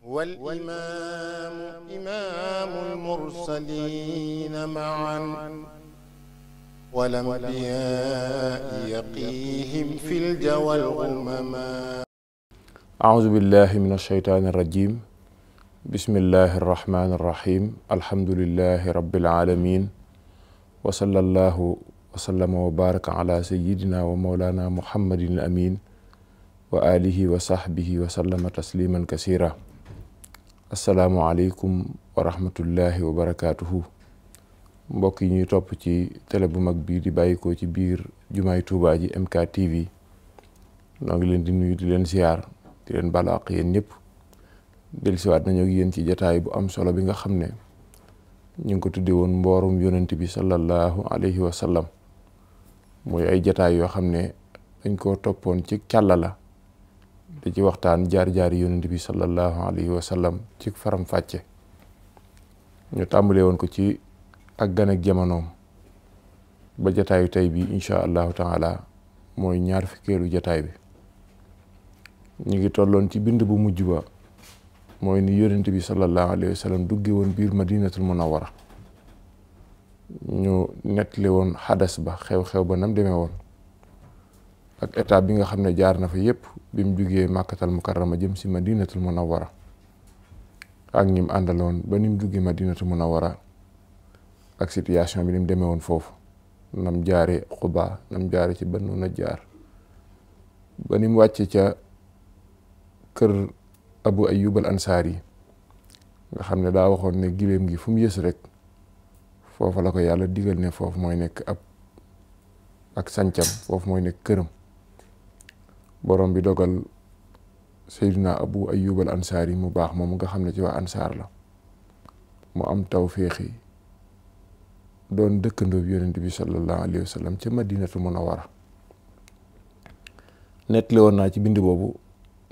والإمام إمام المرسلين معا والأنبياء يقيهم في الجوى الغمما أعوذ بالله من الشيطان الرجيم بسم الله الرحمن الرحيم الحمد لله رب العالمين وصلى الله وسلم وبارك على سيدنا ومولانا محمد الأمين wa alihi wa sahbihi wa sallama tasliman kasira asalaamualeykum wa rahmatullahi wa barakaatuhu mbokk yi ñuy topp ci télé bu mag bii di bàyyikoo ci biir jumaay Tuubaa ji MK TV noo leen di nuyu di leen siyaar di leen balaaq yéen ñëpp dellusiwaat nañu ak yéen ci jataay bu am solo bi nga xam ne ñu ngi ko tuddee woon mboorum yonent bi sallallahu alayhi wa sallam mooy ay jataay yoo xam ne dañ koo toppoon ci càlla la di ci waxtaan jaar-jaar yonent bi sallallahu alayhi wa sallam ci faram fàcce ñu tàmbalee woon ko ci ak gan ak jamonoom ba jataayu tey bi incha allahu taala mooy ñaar fukkeelu jataay bi ñu ngi tolloon ci bind bu mujj ba mooy ni yonent bi sallallahu alayhi wa sallam dugge woon biir madinatul munawwara ñu nettali woon xadas ba xew-xew ba nam demee woon ak état bi nga xam ne jaar na fa yépp bi mu jugee màkkatal mukarrama jëm si madinatul munawwara ak ñi mu àndaloon ba ni mu jugee madinatul munawwara ak situation bi ni mu demee woon foofu nam jaare xubaa nam jaare ci Banu Najjaar ba ni mu wàccee ca kër Abu ay al Ansaari yi nga xam ne daa waxoon ne gileem gi fu mu yës rek foofa la ko yàlla digal ne foofu mooy nekk ab ak sancam foofu mooy nekk këram borom bi dogal Seydina Abu Ayyub al Ansaari mu baax moom nga xam ne ci waa ansaar la mu am taw tawféexi doon dëkkandoo bi yonent bi sallallahu alayhi wa sallam ca a munawara nettali woon naa ci bind boobu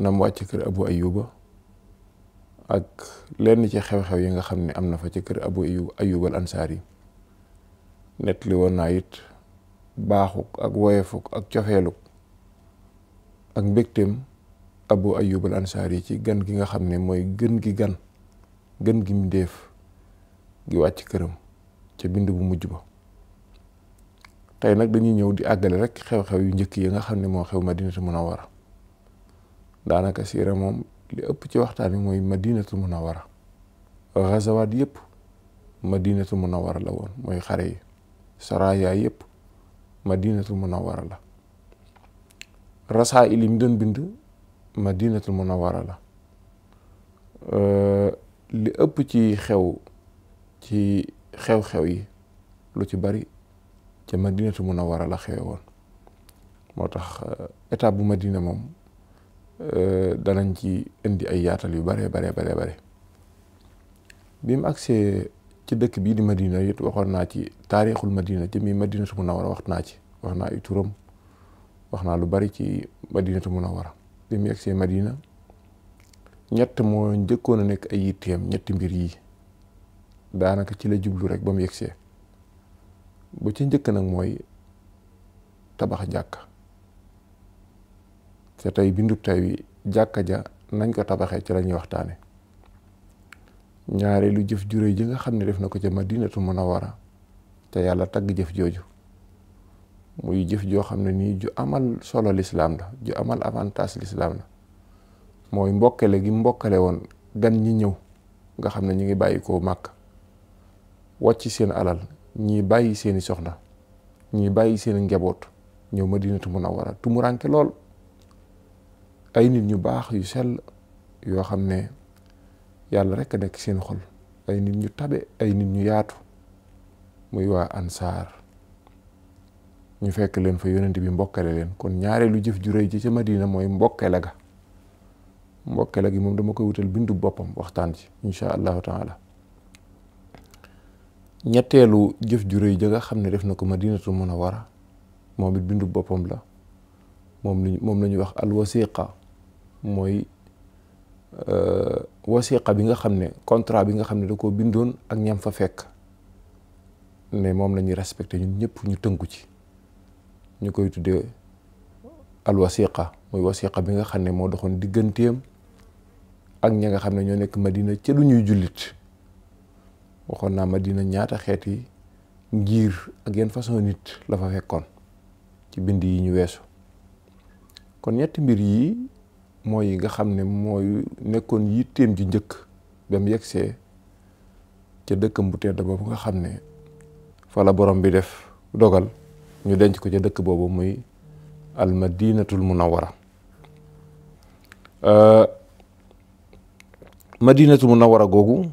nam wàcc kër abu ayuba ak lenn ci xew-xew yi nga xam ne am na fa ci kër abu ayub ayubal ansaar yi woon naa it baaxuk ak woyefuk ak cofeeluk ak mbégteem abu ayub al ansaari ci gan gi nga xam ne mooy gën gi gan gën gi mbindéef gi wàcc këram ci bind bu mujj ba tey nag dañuy ñëw di àggale rek xew-xew yu njëkk yi nga xam ne moo xew a munawara daanaka siira moom li ëpp ci waxtaan wi mooy madinatu munawara gazawaat yëpp madinatu munawara la woon mooy xare yi saraya yëpp madinatu munawara la rasaa'il yi mu doon bind madinatul a la li ëpp ci xew ci xew-xew yi lu ci bari ca madinatul munawwara la xewe woon moo tax état bu madina moom danañ ci indi ay yaatal yu bare bare bare bare bi mu agsee ci dëkk bii di ma madina it waxoon naa ci ma taarixul madina jëmi madinatul munawwara wax naa ci wax naa ay turam wax naa lu bari ci a munawara bi mu yegsee madina ñett moo njëkkoon a nekk ay yitteem ñetti mbir yi daanaka ci la jublu rek ba mu yegsee bu ci njëkk nag mooy tabax jàkka te tey bindu tey wi jàkka ja nañ ko tabaxee ci la ñuy waxtaane ñaareelu jëf jure ji nga xam ne def na ko ca madinatu munawara te yàlla tagg jëf jooju muy jëf joo xam ne nii ju amal solo lislaam la ju amal avantage lislaam la mooy mbokkele gi mbokkale woon gan ñi ñëw nga xam ne ñu ngi bàyyi koo màkk wàcc seen alal ñii bàyyi seeni soxna ñii bàyyi seen njaboot ñëw madinatu munawwara tumuranke lool ay nit ñu baax yu sell yoo xam ne yàlla rekk nekk seen xol ay nit ñu tabe ay nit ñu yaatu muy waa ansaar ñu fekk leen fa yonent bi mbokkale leen kon ñaareelu jëf ju rëy ji ca Madina mooy mbokkale ga mbokkale gi moom dama koy wutal bindu boppam waxtaan ci incha allahu taala ñetteelu jëf ju rëy ja nga xam ne def na ko Madinatul Munawwara moom it bindu boppam la moom lañ moom la ñuy wax al wasiqa mooy euh, wasiqa bi nga xam ne contrat bi nga xam ne da koo bindoon ak ñam fa fekk ne moom la ñuy respecté ñun ñëpp ñu tënku ci. ñu koy tuddee alwasiqa muy wasiqa bi nga xam ne moo doxoon digganteem ak ña nga xam ne ñoo nekk madina ca lu ñuy jullit waxoon naa madina ñaata xeeti ngir ak yenn façon nit la fa fekkoon ci bind yi ñu weesu kon ñetti mbir yi mooy yi nga xam ne mooy nekkoon yitteem ji njëkk ba mu yegsee ca dëkkam bu tedd boobu nga xam ne fa la borom bi def dogal ñu denc ko ca dëkk boobu muy almadinatul munawara euh, madinatul munawara googu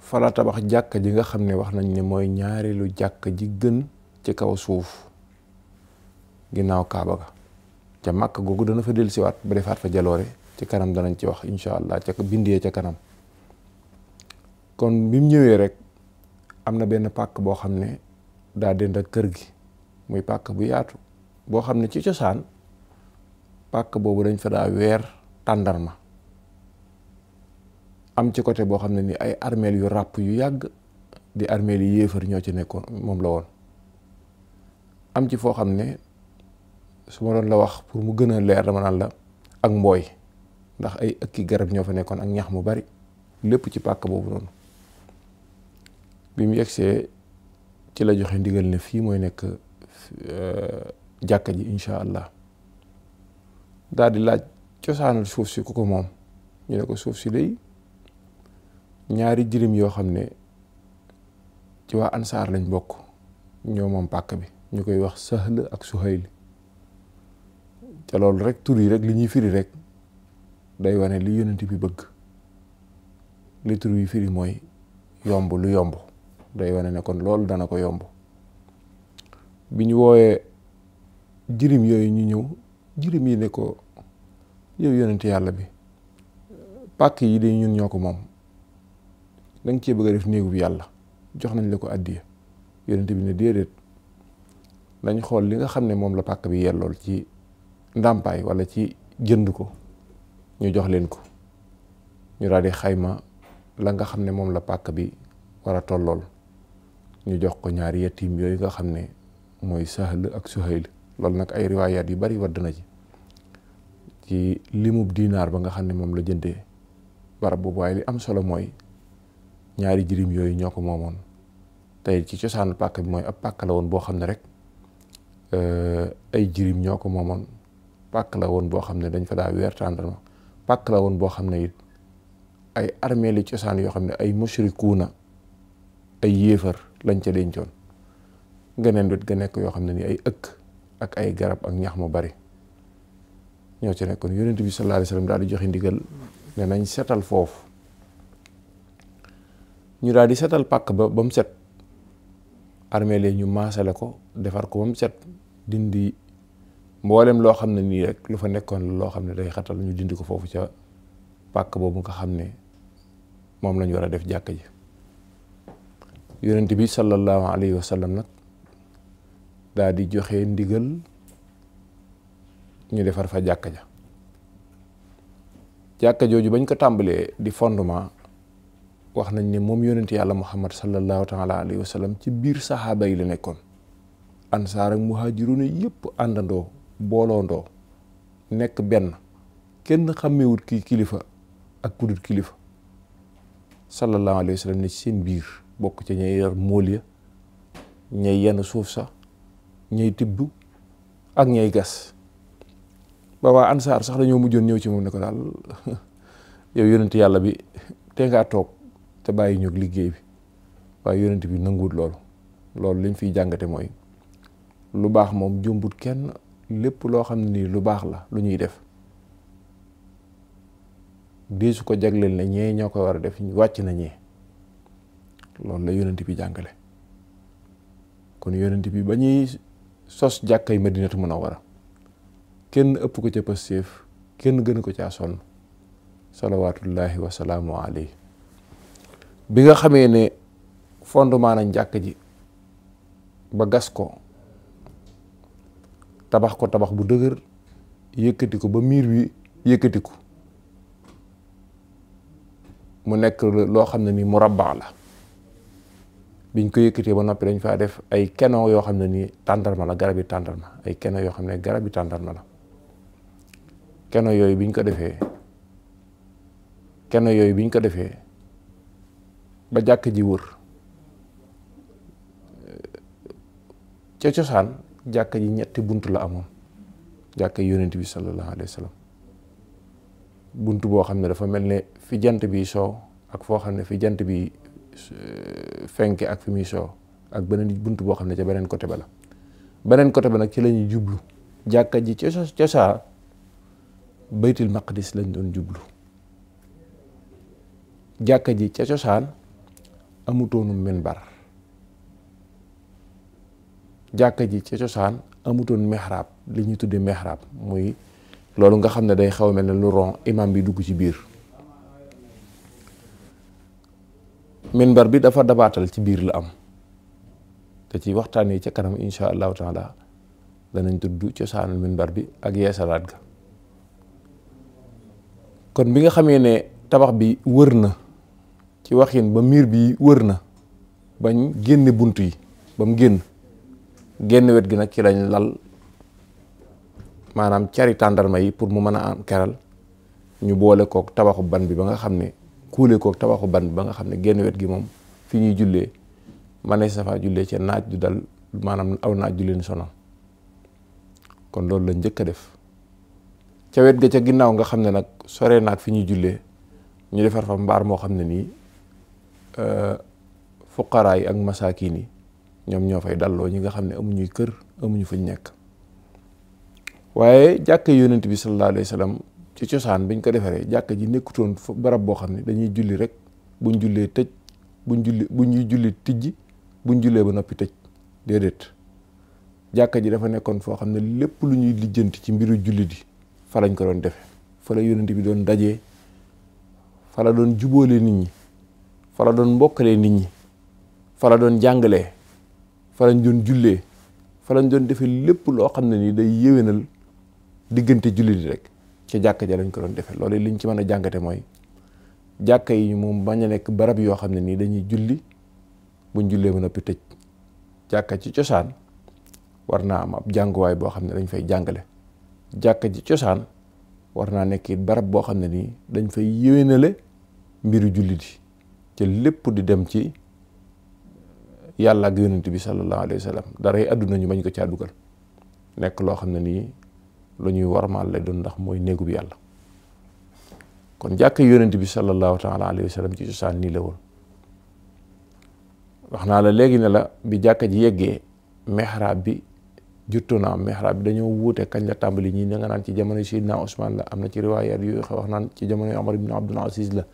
fala tabax jàkk ji nga xam ne wax nañ ne mooy ñaareelu jàkk ji gën ci kaw suuf ginnaaw kaaba ga ca màkk googu dana fa dellusiwaat ba defaat fa jaloore ci kanam danañ ci wax incha allah ca bindee ca kanam kon bi mu ñëwee rek am na benn pàkk boo xam ne daa dend ak kër gi muy pàkk bu yaatu boo xam ne ci cosaan pàkk boobu dañ fa daa weer tàndarma am ci côté boo xam ne nii ay armeel yu ràpp yu yàgg di armeel yi yéefar ñoo ci nekkoon moom la woon am ci foo xam ne su ma doon la wax pour mu gën a leer dama naan la ak mbooy ndax ay ëkki garab ñoo fa nekkoon ak ñax mu bari lépp ci pàkk boobu noonu bi mu yegsee ci la joxe ndigal ne fii mooy nekk euh, jàkka ji incha allah daal di laaj cosaanal suuf si ku ko moom ñu ne ko suuf si day ñaari jirim yoo xam ne ci waa ansaar lañ bokk ñoo moom pàkk bi ñu koy wax Sahl ak Suhayl te loolu rek tur yi rek li ñuy firi rek day wane li yonent bi bëgg li tur yi firi mooy yomb lu yomb day wane ne kon loolu dana ko yomb bi ñu woowee jirim yooyu ñu ñëw jirim yi ne ko yow yonent yàlla bi pàkk yi de ñun ñoo ko moom da nga cee bëgg a def néegu bi yàlla jox nañ la ko àddiya yonent bi ne déedéet dañ xool li nga xam ne moom la pàkk bi yellool ci ndàmpaay wala ci jënd ko ñu jox leen ko ñu daal di xayma la nga xam ne moom la pàkk bi war a tollool ñu jox ko ñaari yatiim yooyu nga xam ne mooy Sahl ak Suhayl loolu nag ay riwaayaat yu bari wadd na ci ci limub dinaar ba nga xam ne moom la jëndee barab boobu waaye li am solo mooy ñaari jirim yooyu ñoo ko moomoon tey ci cosaanu pàkk bi mooy ab pàkk la woon boo xam ne rek eh, ay jirim ñoo ko moomoon pàkk la woon boo xam ne dañ fa daa weer tàndarma pàkk la woon boo xam ne it ay armée li cosaan yoo xam ne ay mushrikuuna ay yéefar lañ ca dencoon geneen wet ga nekk yoo xam ne ni ay ëkk ak ay garab ak ñax mu bari ñoo ci nekkoon yonent bi sallallahu alayhi wasallam daal di joxe ndigal ne nañ setal foofu ñu daal di setal pàkk ba ba mu set armée lee ñu maasale ko defar ko ba mu set dindi mboolem loo xam ne nii rek lu fa nekkoon loo xam ne day xatal ñu dindi ko foofu ca pàkk boobu nga xam ne moom lañu war a def jàkka ji yonent bi sallallahu alayhi wa nag daa di joxe ndigal ñu defar fa jàkka ja jàkka jooju bañ ko tàmbalee di fondement wax nañ ni moom yonent yàlla muhammad sallallahu taala alayhi wa ci biir saxaaba yi la nekkoon ansaar ak muhaajiruuna yëpp àndandoo booloondoo nekk benn kenn xàmmewut ki kilifa ak kudut kilifa sallallahu alayhi wa sallam seen biir bokk ci ñay yor mool ya ñay yenn suuf sax ñay tibb ak ñay gas ba waa ansaar sax dañoo mujjoon ñëw ci moom ne ko daal yow yonent yàlla bi te ngaa toog te bàyyi ñëw liggéey bi waaye yonent bi nanguwut loolu loolu liñ fiy jàngate mooy lu baax moom jombut kenn lépp loo xam ni lu baax la lu ñuy def di su ko jagleel ne ñee ñoo ko war a def wàcc na ñee loolu la yonent bi jàngale kon yonent bi ba ñuy sos jàkkay madinatu munawwara kenn ëpp ko ca pastéef kenn gën ko caa sonn salawaatullaahi wa salaamu alayhi bi nga xamee ne fondement nañ jàkk ji ba gas ko tabax ko tabax bu dëgër yëkkati ko ba miir wi yëkkati ko mu nekk loo xam ne ni murabba la biñ ko yëkkatee ba noppi dañ faa def ay keno yoo xam ne nii tàndarma la garab yi tàndarma ay keno yoo xam ne garab yi tàndarma la keno yooyu biñ ko defee keno yooyu biñ ko defee ba jàkk ji wër eh, ca cosaan jàkk ji ñetti bunt la amoon jàkk yonent bi sallallahu alayhi bunt boo xam ne dafa mel ne fi jant bi soow ak foo xam ne fi jant bi Eh, fenke ak fi muy soo ak beneen bunt boo xam ne ca beneen côté ba la beneen côté ba nag ci lañuy jublu jàkka ji ca ca saa baytul maqdis lañ doon jublu jàkka ji ca cosaan amutoonu minbar jàkka ji ca cosaan amutoon mexraab li ñuy tuddee mexraab muy loolu nga xam ne day xaw mel ne lu ron imam bi dugg ci biir minbar bi dafa dabaatal ci biir la am da ci waxtaan yi ca kanam incha allahu taala danañ tudd cosaanul minbar bi ak yeesalaat ga kon bi nga xamee ne tabax bi wër na ci waxin ba miir bi wër na bañ génne bunt yi ba mu génn génn wet gi nag ci lañ lal maanaam cari tàndarma yi pour mu mën a am keral ñu boole kook tabaxu ban bi ba nga xam ne kuule koog tabaxu ban ba nga xam ne genn wet gi moom fi ñuy jullee man sa faa jullee ca naaj du dal maanaam aw naaj du leen sonal kon loolu la njëkk a def ca wet ga ca ginnaaw nga xam ne nag sore naag fi ñuy jullee ñu defar fa mbaar moo xam ne nii euh, fuqaraa yi ak masaakiin yi ñoom ñoo fay dalloo ñi nga xam ne amuñuy kër amuñu fuñ nekk waaye jàkk yonent bi sallallahu alayhi ci cosaan biñ ko defaree jàkka ji nekkutoon barab boo xam ne dañuy julli rek buñ jullee tëj buñ julli bu ñu julli tijji buñ jullee ba noppi tëj déedéet jàkka ji dafa nekkoon foo xam ne lépp lu ñuy lijjanti ci mbiru julli di fa lañ ko doon defe fala la yonent bi doon dajee fala doon jubóole nit ñi fa la doon mbokkalee nit ñi fa doon jàngalee falañ lañ doon jullee fa lañ doon defee lépp loo xam ne ni day yéwénal diggante julli di rek ci jàkka ja lañ ko doon defee loolu liñ ci mën a jàngate mooy jàkka yi moom bañ a nekk barab yoo xam ne nii dañuy julli buñ jullee ba noppi tëj jàkka ci cosaan war naa am ab jànguwaay boo xam ne dañ fay jàngale jàkka ji cosaan war naa nekk barab boo xam ne nii dañ fay yéwénale mbiru jullit yi te lépp di dem ci yàlla ak yonent bi sallallahu alayhi wa sallam dara yi àdduna ñu bañ ko caa dugal nekk loo xam ne nii lu ñuy warmaal lay doon ndax mooy néegu bi yàlla kon jàkka yonent bi sallallahu taala alayhi wa sallam ci cosaan nii la woon wax naa la léegi ne la bi jàkka ji yeggee mexraab bi juttu naa mexraab bi dañoo wuute kañ la tàmbali ñii da nga naan ci jamono Seydina Ousmane la am na ci riwaayaat yu wax naan ci jamono Omar ibn Abdul Aziz la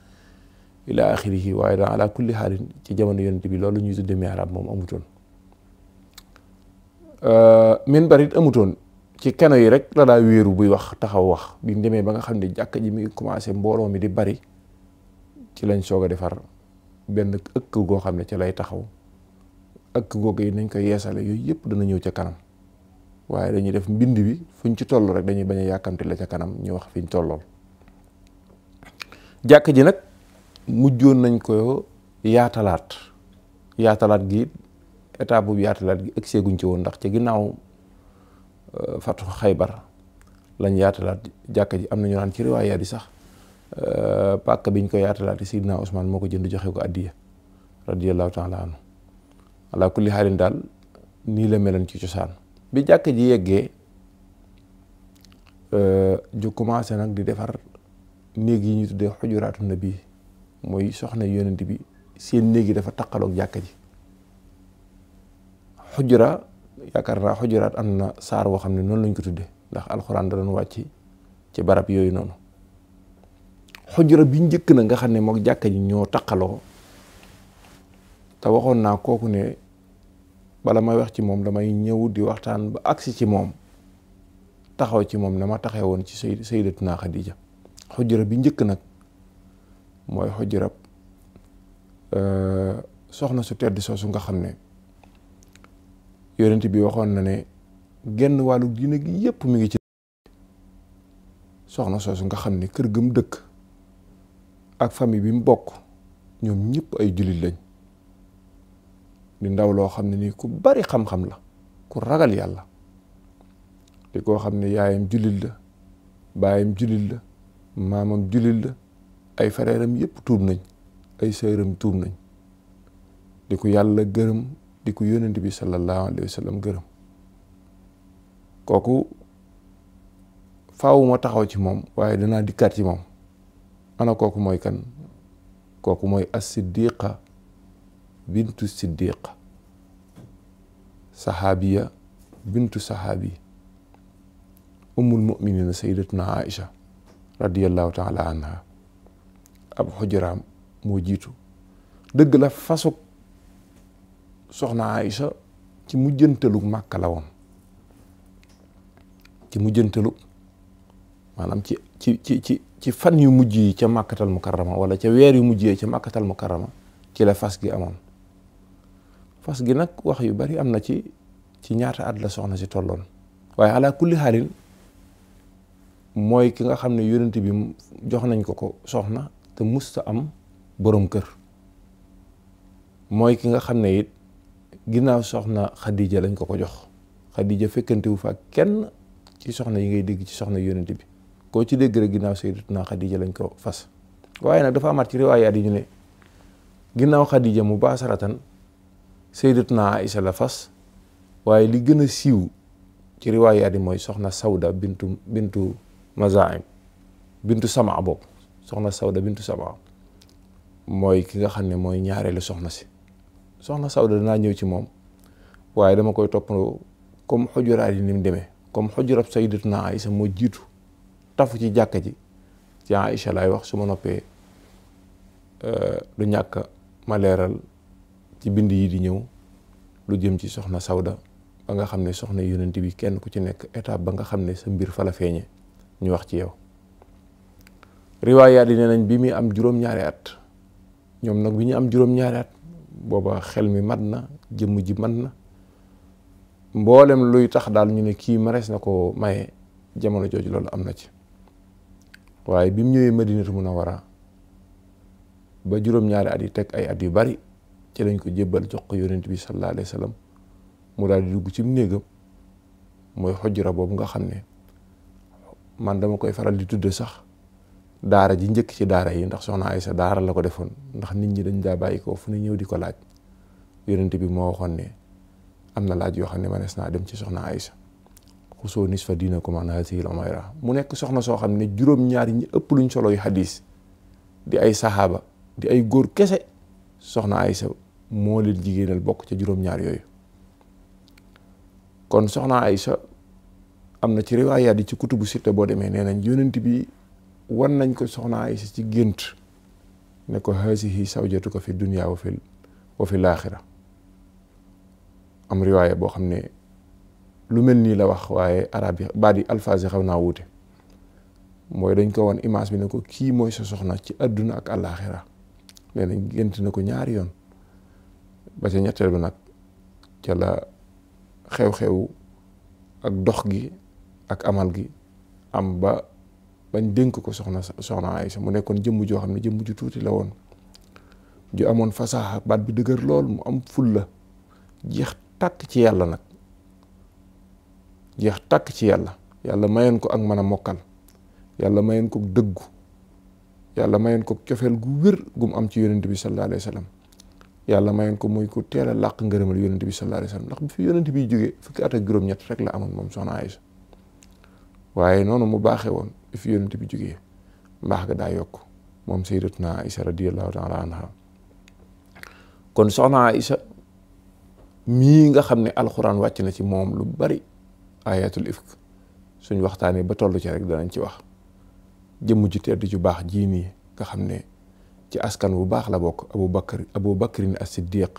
ila axirihi waaye daan ala kulli xaalin ci jamono yonent bi loolu ñuy tudde mexraab moom amutoon euh, minbar it amutoon ci keno yi rek la daa wéeru buy wax taxaw wax bi mu ba nga xam ne jàkk ji muy commencé mbooloo mi di bari ci lañ soog a defar benn ëkk goo xam ne ci lay taxaw ëkk googu yi nañ ko yeesale yooyu yëpp dana ñëw ca kanam waaye dañuy def mbind bi fuñ ci toll rek dañuy bañ a yàkkamti la ca kanam ñu wax fiñ tollool jàkk ji nag mujjoon nañ ko yaatalaat yaatalaat gi étape bu yaatalaat gi ëgg ci woon ndax ci ginnaaw Euh, fatu xaybar lañ yaatalaat jàkka ji am na ñu naan ci riwaayaat yi sax euh, pàkk biñ ko yaatalaat Sidna Ousmane moo ko jënd joxe ko addiya radiyallahu taala anhu ala kulli xaalin daal nii la meloon ci cosaan bi jàkka ji yeggee euh, ju commencé nag di defar néeg yi ñu tuddee xujuraatu nabi mooy soxna yonent bi seen néeg dafa taqaloog jàkka ji xujura yaakaar naa xujuraat am na saar woo xam ne noonu lañ ko tudde ndax alxuraan da doon wàcc ci barab yooyu noonu xujura bi njëkk na nga xam ne mook jàkka ji ñoo taqaloo te waxoon naa kooku ne bala may wax ci moom damay ñëw di waxtaan ba agsi ci moom taxaw ci moom na ma taxee woon ci say sayyidatuna Xadija xujura bi njëkk nag mooy xujurab euh, soxna su tedd soosu nga xam ne yonent bi waxoon na ne genn wàllu diine yépp mi ngi ci soxna soosu nga xam ni kër gëm dëkk ak famille bi mu bokk ñoom ñëpp ay jullit lañ di ndaw loo xam ne nii ku bari xam-xam la ku ragal yàlla di koo xam ne yaayam jullit la baayam jullit la maamam jullit la ay frèram yépp tuub nañ ay sëram tuub nañ di ko yàlla gërëm di ko yónnent bi sallallahu alayhi wa sallam gërëm kooku faawuma taxaw ci moom waaye danaa dikkaat ci moom ana kooku mooy kan kooku mooy as-siddiqa bintu siddiq saxaabiya bintu saxaabi ummul muminina sayidatuna aïcha radiallahu taala anha ab xujuraam moo jiitu dëgg la fasuk soxna Aïcha ci mujjantalu Màkka la woon ci mujjantalu maanaam ci ci ci ci ci fan yu mujj yi ca Màkkatal Mukarrama wala ca weer yu mujj yi ca Màkkatal Mukarrama ci la fas gi amoon fas gi nag wax yu bari am na ci ci ñaata at la soxna si tolloon waaye ala kulli xaalin mooy ki nga xam ne yonent bi jox nañ ko ko soxna te musta am boroom kër mooy ki nga xam ne it ginnaaw soxna Khadija lañ ko ko jox Khadija fekkantewu fa kenn ci soxna yi ngay dégg ci soxna yonent bi koo ci dégg rek ginnaaw naa Khadija lañ ko fas waaye nag dafa amaat ci riwaayaat yi ñu ne ginnaaw Khadija mu baasaratan sayyidatuna Aïcha la fas waaye li gën a siiw ci riwaayaat yi mooy soxna Sawda bintu bintu Mazaim bintu sama boobu soxna Sawda bintu Samaa mooy ki nga xam ne mooy ñaareelu soxna si soxna Sawda danaa ñëw ci moom waaye dama koy toppandoo comme xujuraat yi ni mu demee comme xujurab sayyidatuna Aïcha moo jiitu tafu ci jàkka ji ci Aïcha laay wax su ma noppee lu euh, ñàkk ma leeral ci bind yi di ñëw lu jëm ci soxna Sawda ba nga xam ne soxna yonent bi kenn ku ci nekk étape ba nga xam ne sa mbir fa la feeñe ñu wax ci yow riwaayaat yi nee nañ bi muy am juróom-ñaari at ñoom nag bi ñu am juróom-ñaari at booba xel mi mat na jëmm ji mat na mboolem luy tax daal ñu ne kii marees na ko maye jamono jooju loolu am na ci waaye bi mu ñëwee Madinatu Munawwara ba juróom-ñaari at yi teg ay at yu bari ci lañ ko jébbal jox ko yonent bi sallallahu alayhi wa mu daal di dugg ci néegam mooy xojura boobu nga xam ne man dama koy faral di tudde sax daara ji njëkk ci daara yi ndax soxna Aysa daara la ko defoon ndax nit ñi dañ daa bàyyi koo fu ne ñëw di ko laaj yonent bi moo waxoon ne am na laaj yoo xam ne manees naa dem ci soxna Aysa xusoo nis fa diina ko man hasil omayra mu nekk soxna soo xam ne juróom ëpp luñ solo yu xadis di ay saxaaba di ay góor kese soxna Aysa moo leen jigéenal bokk ca juróom-ñaar yooyu kon soxna Aysa am na ci riwaayaat yi ci kutubu sitta boo demee nee nañ yonent bi wan nañ ko soxna Aysa ci gént ne ko haasihi sawjatu ko fi dunya wa fi wa fi laaxira am riwaaya boo xam ne lu mel nii la wax waaye arab yi baat yi alfaas yi xaw naa wuute mooy dañ ko wan image bi ne ko kii mooy sa soxna ci àdduna ak àllaaxira nee nañ gént ne ko ñaari yoon ba ca ñetteel bi nag ca xew-xew ak dox gi ak amal gi am ba bañ dénk ko soxna soxna Aysa mu nekkoon jëmm joo xam ne jëmm ju tuuti la woon ju amoon fasaaxa baat bi dëgër lool mu am ful la jeex tàkk ci yàlla nag jeex tàkk ci yàlla yàlla mayoon ko ak mën a mokkal yàlla mayoon ko dëggu yàlla mayoon ko cofeel gu wér gu mu am ci yonent bi sallallahu alayhi wa yàlla mayoon ko mooy ku teel a làq ngërëmal yonent bi sallallahu alayhi wa ndax bu fi yonent bi jógee fukki at juróom-ñett rek la amoon moom soxna Aysa waaye noonu mu baaxe woon fi yonent bi jógee mbaax ga daa yokk moom sayyidatuna Aïcha radiyallahu taala anha kon soxna Aïcha mii nga xam ne alxuraan wàcc na ci moom lu bari ayatul ifk suñ waxtaanee ba toll ci rek danañ ci wax jëmm ju tedd ju baax jii nii nga xam ne ci askan bu baax la bokk abu bakar abu bakarin as-siddiq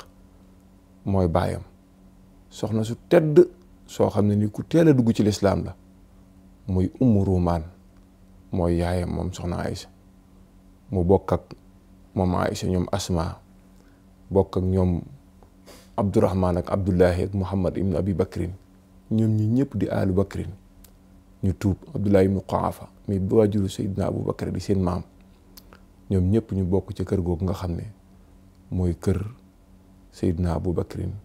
mooy baayam soxna su tedd soo xam ne ni ku teel a dugg ci lislaam la muy Umu Ruumaan mooy yaayam moom soxna Aïcha mu bokk ak moom Aïcha ñoom Asma bokk ak ñoom Abdourahman ak Abdullahi ak Muhammad ibnu Abi Bakrin ñoom ñi ñëpp di Alu Bakrin ñu tuub Abdullahi ibnu Qaafa mi waajuru Seydina Abu Bakr di seen maam ñoom ñëpp ñu bokk ci kër googu nga xam ne mooy kër Seydina Abu Bakrin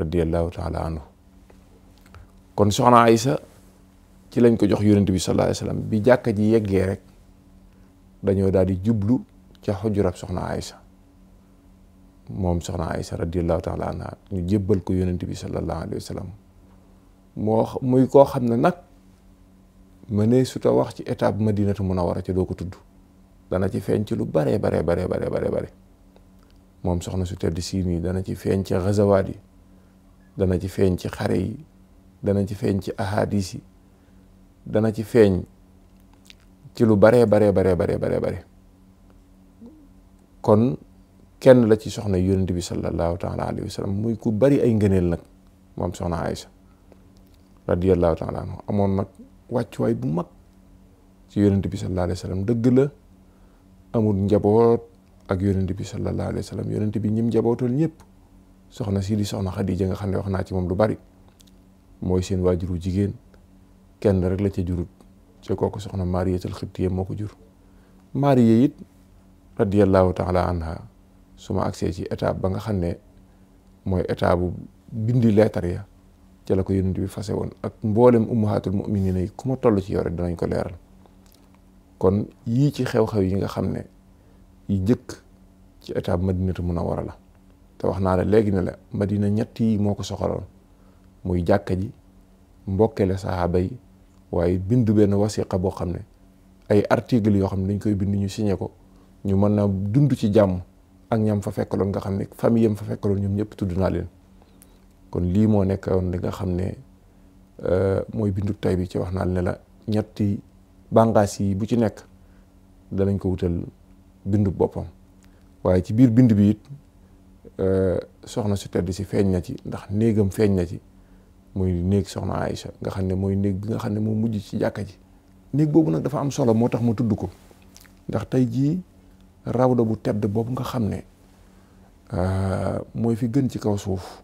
radiyallahu taala anhu kon soxna Aïcha ci lañ ko jox yonent bi sallallahu alayhi wasallam bi jàkka ji yeggee rek dañoo daal di jublu ca xujurab soxna Aysa moom soxna Aysa radiyallahu taala anha ñu jébbal ko yonent bi sallallahu alayhi wasallam moo muy koo xam ne nag mënee suta wax ci étape madinatu munawara ca doo ko tudd dana ci feeñ ci lu bare bare bare bare bare bare moom soxna su tedd sii nii dana ci feeñ ci gazawaat yi dana ci feeñ ci xare yi dana ci feeñ ci ahadis yi dana ci feeñ ci lu baree baree bare baree baree bare kon kenn la ci soxna yonent bi sallallahu taala alayhi wa sallam muy ku bari ay ngëneel nag moom soxna Aïcha radiyallahu taala anhu amoon nag wàccuwaay bu mag ci yonent bi sallallahu alayhi wa sallam dëgg la amul njaboot ak yonent bi sallallahu alayhi wa sallam yonent bi ñim njabootul ñëpp soxna si di soxna Xadija nga xam ne wax naa ci moom lu bari mooy seen waajuru jigéen kenn rek la ca jurut ci kooku soxna Maariyatul Xibtiya moo ko jur Maariya it radiyallahu taala anha su ma agsee ci étape ba nga xam ne mooy état bu bindi leetar ya ci la ko yonent bi fase woon ak mboolem ummahatul muminina yi ku ma toll ci yore dinañ ko leeral kon yii ci xew-xew yi nga xam ne yi jëkk ci état madinatu munawara la te wax naa la léegi ne la madina ñett yi moo ko soxaloon muy jàkka ji mbokkele sahaaba yi waaye bindu benn wasiqa boo xam ne ay article yoo xam ne dañ koy bind ñu signé ko ñu mën na dund ci jàmm ak ñam fa fekkaloon nga xam ne famille yam fa fekkaloon ñoom ñëpp tudd naa leen kon lii moo nekkoon li nga xam ne euh, mooy bindu tay bi ci wax naa ne la ñetti bànqaas yi bu ci nekk danañ ko wutal bindu boppam waaye ci biir bind bi it euh, soxna su tedd si feeñ na ci ndax néegam feeñ na ci muy néeg soxna Aïcha nga xam ne mooy néeg bi nga xam ne moo mujj ci jàkka ji néeg boobu nag dafa am solo moo tax ma tudd ko ndax tey jii rawda bu tedd boobu nga xam ne euh, mooy fi gën ci kaw suuf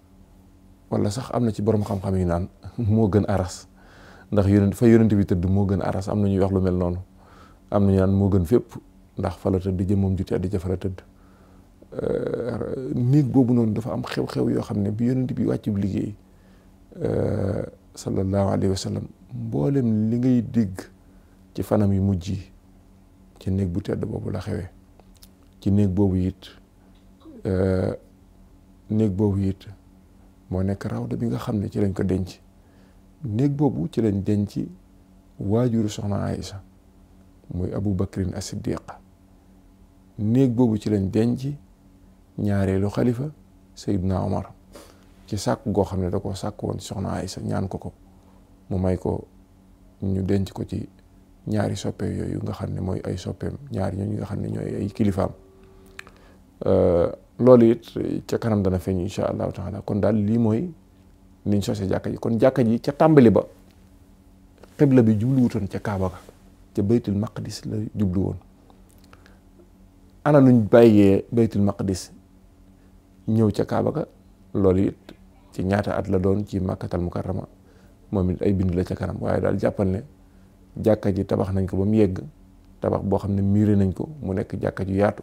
wala sax am na ci borom xam-xam naan moo gën aras ndax yonent fa yonent bi tëdd moo gën aras am na ñuy wax lu mel noonu am na ñu naan moo gën fépp ndax fa la tëdd moom ju tedd ja fa la tëdd euh, néeg boobu noonu dafa am xew-xew yoo xam ne bi yonent bi wàcc bu liggéey Euh, sallallahu alayhi wa sallam mboolem li ngay dégg ci fanam yu mujj yi ci néeg bu tedd boobu la xewee ci néeg boobu it euh, néeg boobu it moo nekk rawda bi nga xam ne ci lañ ko denc néeg boobu ci lañ denc waajuru soxna Aïsa muy Abu Bakrin As-Siddiq néeg boobu ci lañ denc ñaareelu xalifa Seydina Omar ci sàkk goo xam ne da ko sàkk woon soxna sa ñaan ko ko mu may ko ñu denc ko ci ñaari soppe yooyu nga xam ne mooy ay soppeem ñaari ñooñu nga xam ne ñooy ay kilifaam euh, loolu it ca kanam dana feeñ incha allahu taala kon daal lii mooy niñ sosee jàkka ji kon jàkka ji ca tàmbali ba xibla bi jubluwutoon ca Kaaba ga ca baytul maqdis la jublu woon ana nuñ bàyyee baytul maqdis ñëw ca Kaaba ga loolu it ci ñaata at la doon ci màkkatal mukarrama moom it ay bind la ca kanam waaye daal jàppal ne jàkka ji tabax nañ ko ba mu yegg tabax boo xam ne miire nañ ko mu nekk jàkka ju yaatu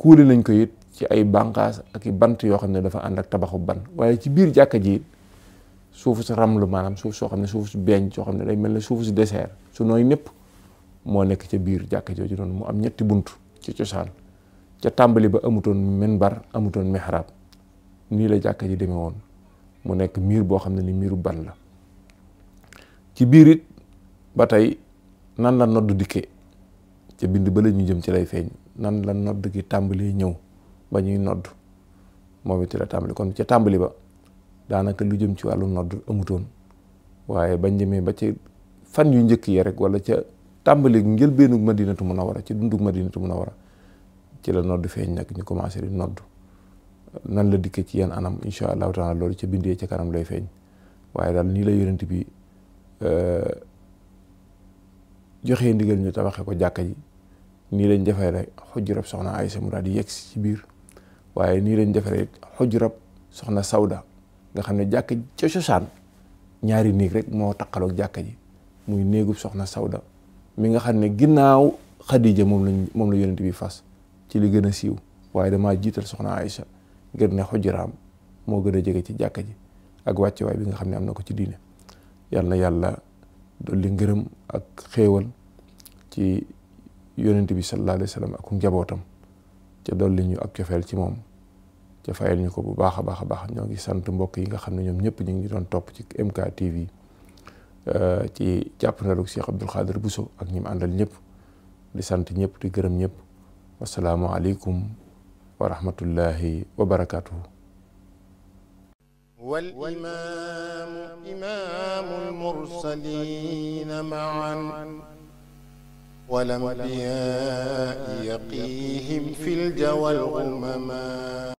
kuule nañ ko it ci ay bànqaas ak bant yoo xam ne dafa ànd ak tabaxu ban waaye ci biir jàkka ji it suufu su ramlu maanaam suuf soo xam ne suufu su beeñ soo xam ne day mel ne suufu su désert su nooy népp moo nekk ca biir jàkka jooju doon mu am ñetti bunt ci cosaan ca tàmbali ba amutoon bar amutoon mihrab nii la jàkka ji demee woon mu nekk miir boo xam ne ni miiru ban la ci biir it ba tey nan la nodd dikkee ca bind ba la ñu jëm ci lay feeñ nan la nodd gi tàmbali ñëw ba ñuy nodd moom it la tàmbali kon ca tàmbali ba daanaka lu jëm ci wàllu nodd amutoon waaye bañ jëmee ba ci fan yu njëkk yi rek wala ca tàmbali njëlbeenug madinatu munawara ci a war a ci la nodd feeñ nag ñu commencé di nodd nan la dikkee ci yenn anam incha allahu taala loolu ca bindee ca kanam lay feeñ waaye daal nii la yonent bi euh, joxe ndigal ñu tabaxee ko jàkka ji nii lañ defaree xujurab soxna Aysa mu daal di yegg si biir waaye nii lañ defaree xujurab soxna Sawda nga xam ne jàkka ji ca cosaan ñaari néeg rek moo taqaloog jàkka ji muy néegub soxna Sawda mi nga xam ne ginnaaw Xadija moom lañ moom la yonent bi fas ci li gën a siiw waaye damaa jiital soxna Aysa ngir ne xujuraam moo gën a jege ci jàkka ji ak wàccuwaay bi nga xam ne am na ko ci diine yàlla na yàlla dolli ngërëm ak xéewal ci yonent bi sallallahu alayhi wa sallam ak njabootam ca dolli ñu ak cofeel ci moom ca ñu ko bu baax a baax a baax ñoo ngi sant mbokk yi nga xam ne ñoom ñëpp ñu ngi doon topp ci MKTV euh, ci jàppandalu Cheikh Abdoul Khadir Bousso ak ñi àndal ñëpp di sant ñëpp di gërëm ñëpp wa rahmatullahi wa barakaatuhu. wal imaamu imaamul mursaliina ma'an wal anbiyaa'i yaqiihim fil jawwal umamaa